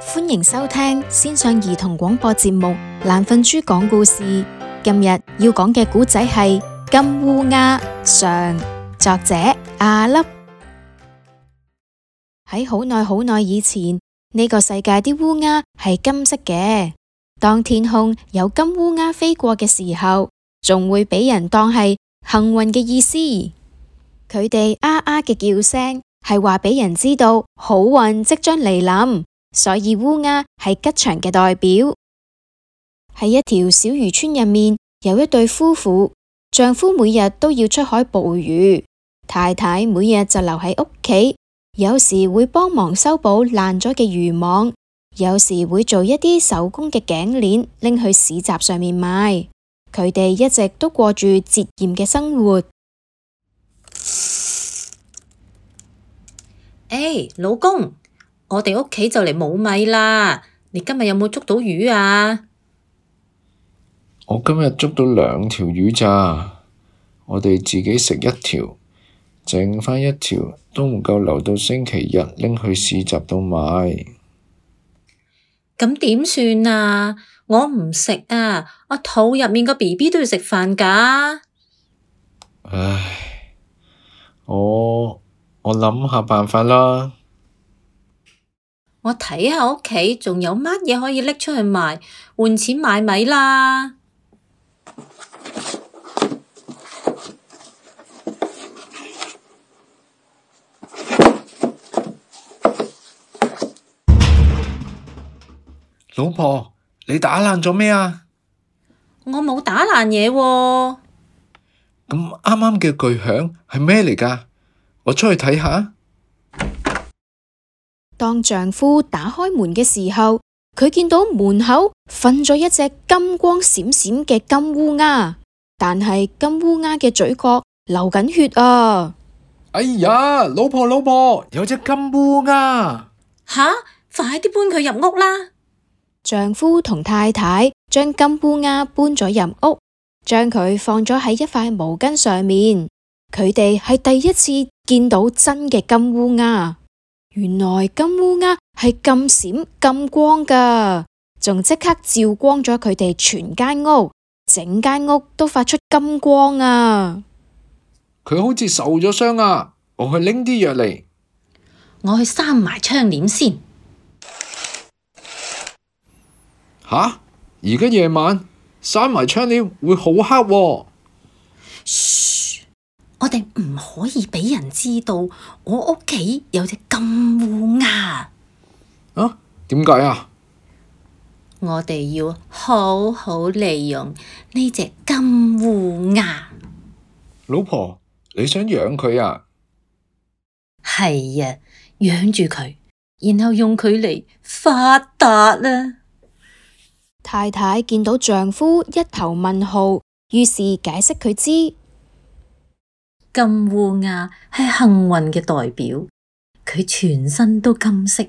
歡迎收聽線上兒童廣播節目《懶瞓豬講故事》。今日要講嘅古仔係《金烏鴉》上，作者阿粒。喺好耐好耐以前，呢、這個世界啲烏鴉係金色嘅。當天空有金烏鴉飛過嘅時候，仲會俾人當係幸運嘅意思。佢哋啊啊嘅叫聲係話俾人知道好運即將來臨。所以烏鴉係吉祥嘅代表。喺一條小漁村入面，有一對夫婦，丈夫每日都要出海捕魚，太太每日就留喺屋企，有時會幫忙修補爛咗嘅漁網，有時會做一啲手工嘅頸鏈，拎去市集上面賣。佢哋一直都過住節儉嘅生活。誒，hey, 老公。我哋屋企就嚟冇米啦！你今日有冇捉到魚啊？我今日捉到兩條魚咋，我哋自己食一條，剩返一條都唔夠留到星期日拎去市集度買。咁點算啊？我唔食啊，我肚入面個 BB 都要食飯㗎。唉，我我諗下辦法啦。我睇下屋企仲有乜嘢可以拎出去賣，換錢買米啦。老婆，你打爛咗咩啊？我冇打爛嘢喎。咁啱啱嘅巨響係咩嚟噶？我出去睇下。當丈夫打開門嘅時候，佢見到門口瞓咗一隻金光閃閃嘅金烏鴉，但係金烏鴉嘅嘴角流緊血啊！哎呀，老婆老婆，有隻金烏鴉！吓，快啲搬佢入屋啦！丈夫同太太將金烏鴉搬咗入屋，將佢放咗喺一塊毛巾上面。佢哋係第一次見到真嘅金烏鴉。原來金烏鴉係咁閃咁光㗎，仲即刻照光咗佢哋全間屋，整間屋都發出金光啊！佢好似受咗傷啊！我去拎啲藥嚟，我去閂埋窗簾先。吓？而家夜晚閂埋窗簾會好黑喎。我哋唔可以俾人知道我屋企有隻金烏鴉。啊？點解啊？我哋要好好利用呢隻金烏鴉。老婆，你想養佢啊？係啊，養住佢，然後用佢嚟發達啦，啊。太太見到丈夫一頭問號，於是解釋佢知。金烏鴉係幸運嘅代表，佢全身都金色。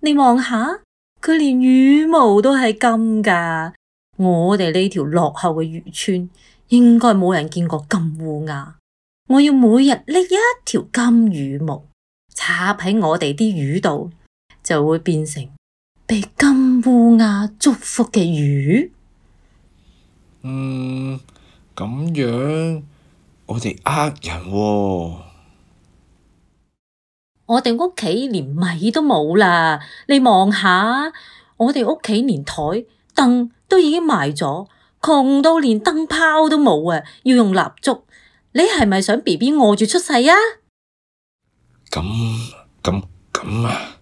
你望下，佢連羽毛都係金噶。我哋呢條落後嘅漁村應該冇人見過金烏鴉。我要每日拎一條金羽毛插喺我哋啲魚度，就會變成被金烏鴉祝福嘅魚。嗯，咁樣。我哋呃人、哦，我哋屋企連米都冇啦！你望下，我哋屋企連台凳都已經賣咗，窮到連燈泡都冇啊！要用蠟燭，你係咪想 B B 餓住出世啊？咁咁咁啊！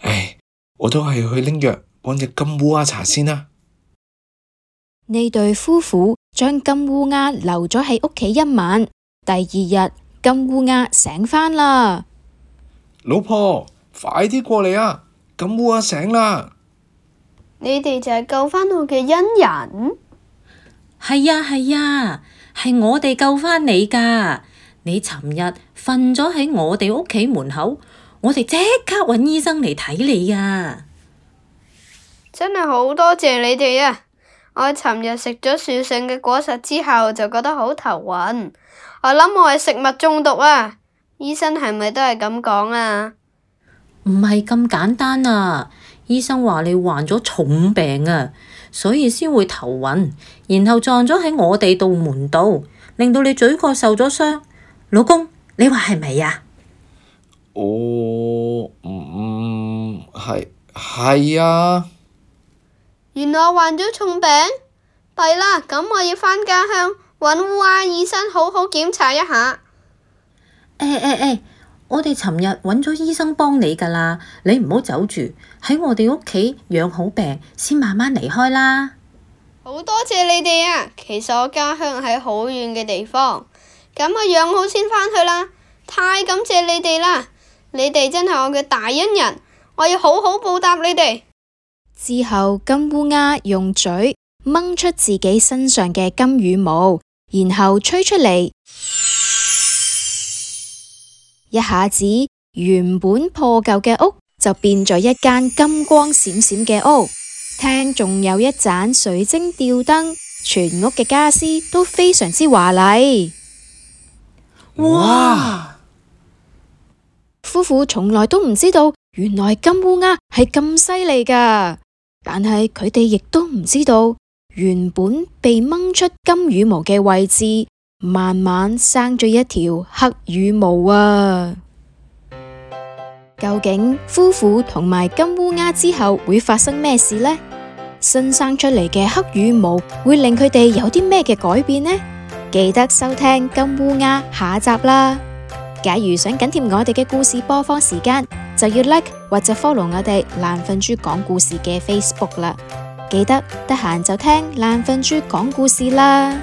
唉，我都係去拎藥，搵隻金烏鴉茶先啦、啊。呢對夫婦。將金烏鴉留咗喺屋企一晚，第二日金烏鴉醒返啦。老婆，快啲過嚟啊！金烏鴉醒啦。你哋就係救返我嘅恩人？係呀係呀，係我哋救返你噶。你尋日瞓咗喺我哋屋企門口，我哋即刻搵醫生嚟睇你啊！真係好多謝你哋啊！我尋日食咗樹上嘅果實之後，就覺得好頭暈。我諗我係食物中毒啊！醫生係咪都係咁講啊？唔係咁簡單啊！醫生話你患咗重病啊，所以先會頭暈，然後撞咗喺我哋度門度，令到你嘴角受咗傷。老公，你話係咪啊？哦，嗯，係係啊。原來我患咗重病，弊啦！咁我要翻家鄉揾烏鴉醫生好好檢查一下。誒誒誒，我哋尋日揾咗醫生幫你噶啦，你唔好走住，喺我哋屋企養好病先，慢慢離開啦。好多謝你哋啊！其實我家鄉喺好遠嘅地方，咁我養好先翻去啦。太感謝你哋啦！你哋真係我嘅大恩人，我要好好報答你哋。之後，金烏鴉用嘴掹出自己身上嘅金羽毛，然後吹出嚟， 一下子原本破舊嘅屋就變咗一間金光閃閃嘅屋，廳，仲有一盞水晶吊燈，全屋嘅家私都非常之華麗。哇！夫婦從來都唔知道，原來金烏鴉係咁犀利噶。但係佢哋亦都唔知道，原本被掹出金羽毛嘅位置，慢慢生咗一條黑羽毛啊！究竟夫婦同埋金烏鴉之後會發生咩事呢？新生出嚟嘅黑羽毛會令佢哋有啲咩嘅改變呢？記得收聽金烏鴉下集啦！假如想緊貼我哋嘅故事播放時間，就要 like。或者 follow 我哋爛瞓豬講故事嘅 Facebook 啦，記得得閒就聽爛瞓豬講故事啦。